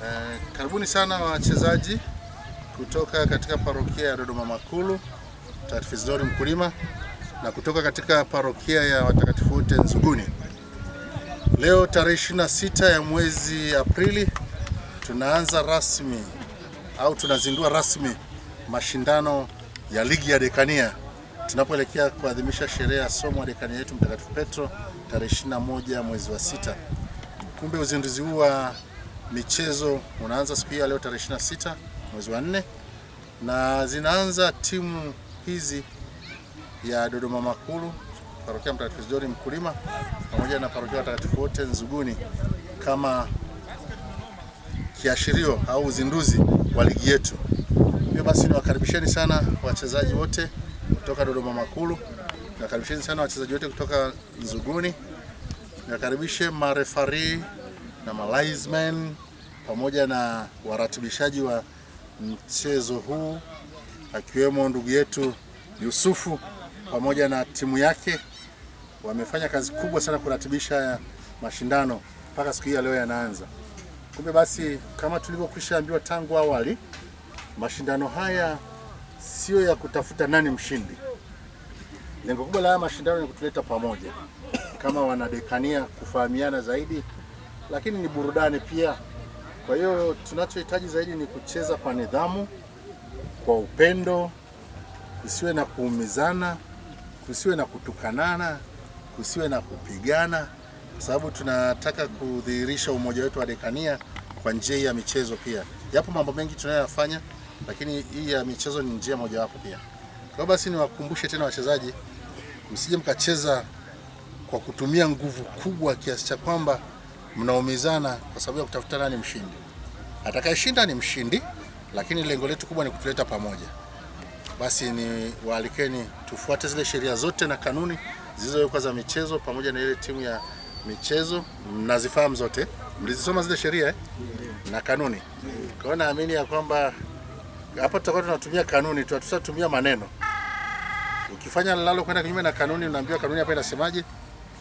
Eh, karibuni sana wachezaji kutoka katika parokia ya Dodoma Makulu Mtakatifu Isidori Mkulima na kutoka katika parokia ya Watakatifu wote Nzuguni. Leo tarehe 26 ya mwezi Aprili tunaanza rasmi au tunazindua rasmi mashindano ya ligi ya dekania tunapoelekea kuadhimisha sherehe ya somo ya dekania yetu Mtakatifu Petro tarehe 21 mwezi wa sita. Kumbe uzinduzi huu wa michezo unaanza siku ya leo tarehe 26 mwezi wa 4 na zinaanza timu hizi ya Dodoma Makulu, parokia Mtakatifu Isidori Mkulima pamoja na parokia watakatifu wote Nzuguni kama kiashirio au uzinduzi wa ligi yetu. Hivyo basi niwakaribisheni sana wachezaji wote kutoka Dodoma Makulu, nakaribisheni sana wachezaji wote kutoka Nzuguni niwakaribishe marefari na malaismen pamoja na waratibishaji wa mchezo huu akiwemo ndugu yetu Yusufu pamoja na timu yake. Wamefanya kazi kubwa sana kuratibisha mashindano mpaka siku hii ya leo yanaanza. Kumbe basi, kama tulivyokwisha ambiwa tangu awali, mashindano haya sio ya kutafuta nani mshindi. Lengo kubwa la haya mashindano ni kutuleta pamoja kama wanadekania kufahamiana zaidi, lakini ni burudani pia. Kwa hiyo tunachohitaji zaidi ni kucheza kwa nidhamu, kwa upendo, kusiwe na kuumizana, kusiwe na kutukanana, kusiwe na kupigana, kwa sababu tunataka kudhihirisha umoja wetu wa dekania kwa njia ya michezo pia. Yapo mambo mengi tunayoyafanya, lakini hii ya michezo ni njia mojawapo pia. Kwa basi niwakumbushe tena wachezaji, msije mkacheza kwa kutumia nguvu kubwa kiasi cha kwamba mnaumizana kwa sababu ya kutafuta nani mshindi. Atakayeshinda ni mshindi, lakini lengo letu kubwa ni kutuleta pamoja. Basi ni waalikeni tufuate zile sheria zote na kanuni zilizowekwa za michezo pamoja na ile timu ya michezo. Mnazifahamu zote, mlizisoma zile sheria eh? na kanuni. Kwa hiyo naamini ya kwamba hapa tutakuwa tunatumia kanuni tu, hatutatumia maneno. Ukifanya lalo kwenda kinyume na kanuni, unaambiwa kanuni hapa inasemaje.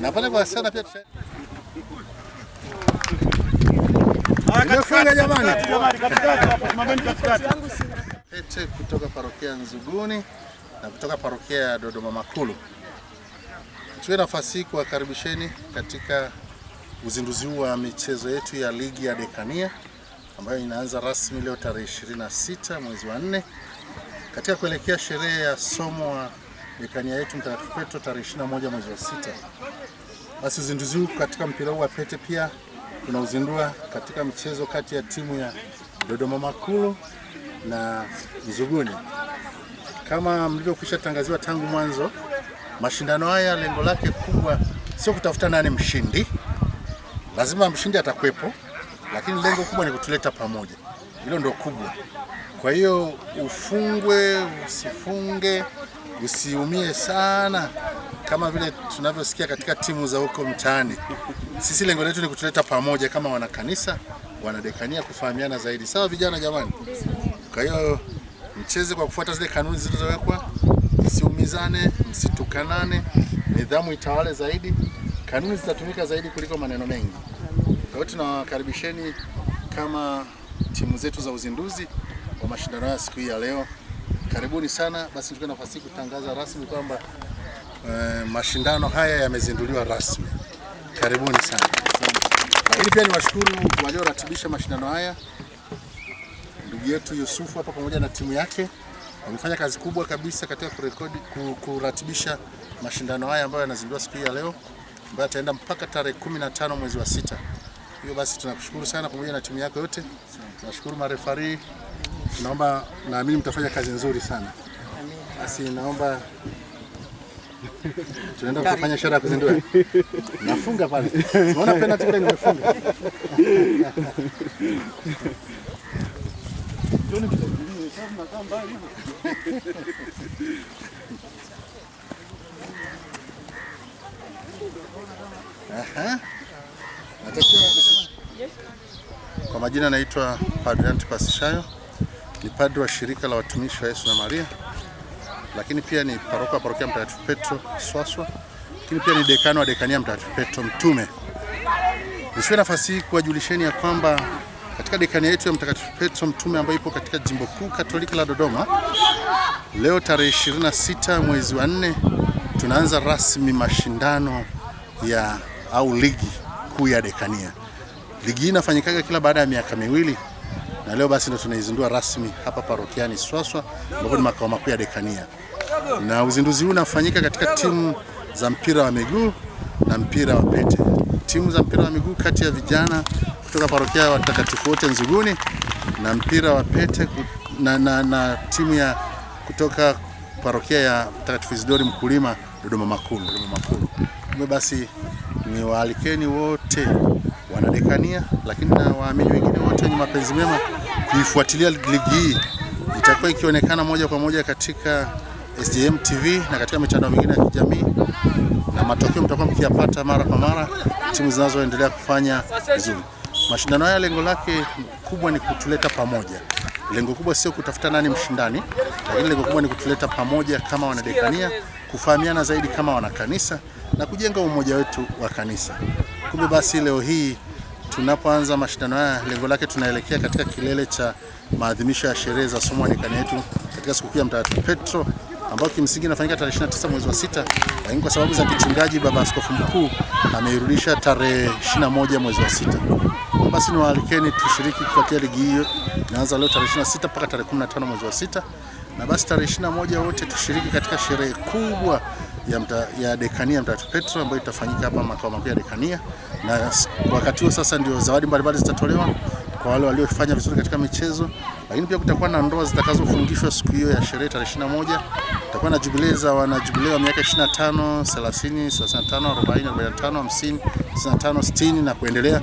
na pale kwa sana pia jamani, pete kutoka parokia Nzuguni na kutoka parokia ya Dodoma Makulu. Tuwe nafasi hii kuwakaribisheni katika uzinduzi huu wa michezo yetu ya ligi ya Dekania ambayo inaanza rasmi leo tarehe 26 mwezi wa 4 katika kuelekea sherehe ya somo wa dekania yetu Mtakatifu Petro tarehe 21 mwezi wa sita. Basi uzinduzi huu katika mpira huu wa pete pia tunauzindua katika mchezo kati ya timu ya Dodoma Makulu na Mzuguni. Kama mlivyokwisha tangaziwa tangu mwanzo, mashindano haya lengo lake kubwa sio kutafuta nani mshindi, lazima mshindi atakwepo lakini lengo kubwa ni kutuleta pamoja. Hilo ndio kubwa. Kwa hiyo ufungwe usifunge usiumie sana kama vile tunavyosikia katika timu za huko mtaani. Sisi lengo letu ni kutuleta pamoja kama wanakanisa, wanadekania, kufahamiana zaidi. Sawa vijana, jamani. Kwa hiyo mcheze kwa kufuata zile kanuni zilizowekwa, msiumizane, msitukanane, nidhamu itawale zaidi, kanuni zitatumika zaidi kuliko maneno mengi. Kwa hiyo tunawakaribisheni kama timu zetu za uzinduzi wa mashindano ya siku hii ya leo. Karibuni sana. Basi nichukue nafasi hii kutangaza rasmi kwamba e, mashindano haya yamezinduliwa rasmi. Karibuni sana. Lakini pia niwashukuru walioratibisha mashindano haya, ndugu yetu Yusufu hapa pamoja na timu yake wamefanya kazi kubwa kabisa katika kurekodi, kuratibisha mashindano haya ambayo yanazinduliwa siku hii ya leo ambayo yataenda mpaka tarehe 15 mwezi wa sita. Hiyo basi tunakushukuru sana pamoja na timu yako yote. Tunashukuru marefari Naomba, naamini mtafanya kazi nzuri sana. Basi naomba tunaenda kufanya ishara ya kuzindua. Nafunga pale. Unaona penati kule nimefunga. Kwa majina naitwa Padre Antipas Shayo ni padri wa shirika la watumishi wa Yesu na Maria, lakini pia ni paroko wa parokia Mtakatifu Petro Swaswa, lakini pia ni dekano wa dekania Mtakatifu Petro Mtume. Nisiwe nafasi hii kuwajulisheni ya kwamba katika dekania yetu ya Mtakatifu Petro Mtume ambayo ipo katika jimbo kuu Katoliki la Dodoma, leo tarehe 26 mwezi wa 4 tunaanza rasmi mashindano ya au ligi kuu ya dekania. Ligi hii inafanyikaga kila baada ya miaka miwili na leo basi ndo tunaizindua rasmi hapa parokiani Swaswa ambapo ni makao makuu ya dekania, na uzinduzi huu unafanyika katika timu za mpira wa miguu na mpira wa pete. Timu za mpira wa miguu kati ya vijana kutoka parokia ya watakatifu wote Nzuguni na mpira wa pete na, na, na timu ya kutoka parokia ya mtakatifu Isidori Mkulima Dodoma Makulu, Dodoma Makulu. Hivyo basi ni waalikeni wote wanadekania, lakini na waamini wengine wote wenye mapenzi mema kuifuatilia ligi hii itakuwa ikionekana moja kwa moja katika SJM TV na katika mitandao mingine ya kijamii, na matokeo mtakuwa mkiyapata mara kwa mara, timu zinazoendelea kufanya vizuri. Mashindano haya lengo lake kubwa ni kutuleta pamoja. Lengo kubwa sio kutafuta nani mshindani, lakini lengo kubwa ni kutuleta pamoja kama wanadekania, kufahamiana zaidi kama wanakanisa na kujenga umoja wetu wa kanisa. Kumbe basi leo hii tunapoanza mashindano haya, lengo lake tunaelekea katika kilele cha maadhimisho ya sherehe za somo Anglikana yetu katika sikukuu ya Mtakatifu Petro ambayo kimsingi inafanyika tarehe 29 mwezi wa sita, lakini kwa sababu za kichungaji, baba askofu mkuu ameirudisha tarehe 21 mwezi wa sita. Basi ni waalikeni tushiriki kufuatia ligi hiyo, inaanza leo tarehe 26 mpaka tarehe 15 mwezi wa sita, na basi tarehe 21 wote tushiriki katika sherehe kubwa ya, mta, ya dekania Mtakatifu Petro ambayo itafanyika hapa makao makuu ya dekania, na wakati huo sasa ndio zawadi mbalimbali zitatolewa kwa wale waliofanya vizuri katika michezo, lakini pia kutakuwa na ndoa zitakazofungishwa siku hiyo ya sherehe tarehe 21. Kutakuwa na jubilee za wana jubilee wa miaka 25, 30, 35, 40, 45, 50, 55, 60 na kuendelea,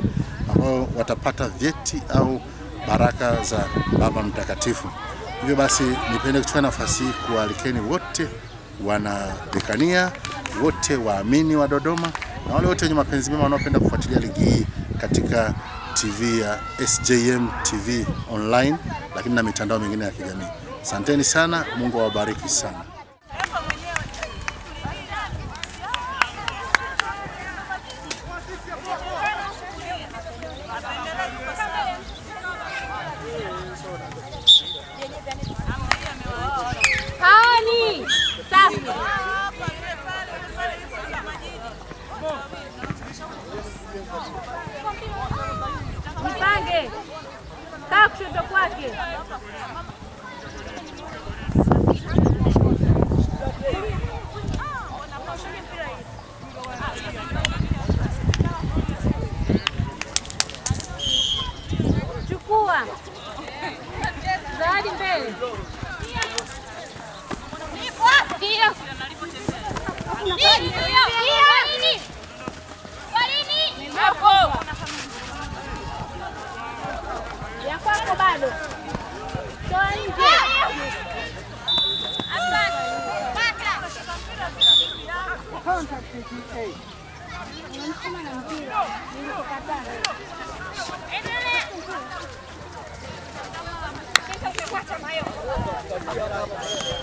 ambao watapata vyeti au baraka za Baba Mtakatifu. Hivyo basi, nipende kuchukua nafasi hii kualikeni wote wanadekania wote, waamini wa Dodoma na wale wote wenye mapenzi mema wanaopenda kufuatilia ligi hii katika TV ya SJM TV online, lakini na mitandao mingine ya kijamii. Asanteni sana, Mungu awabariki sana. 개. Contact with the eight. Entra!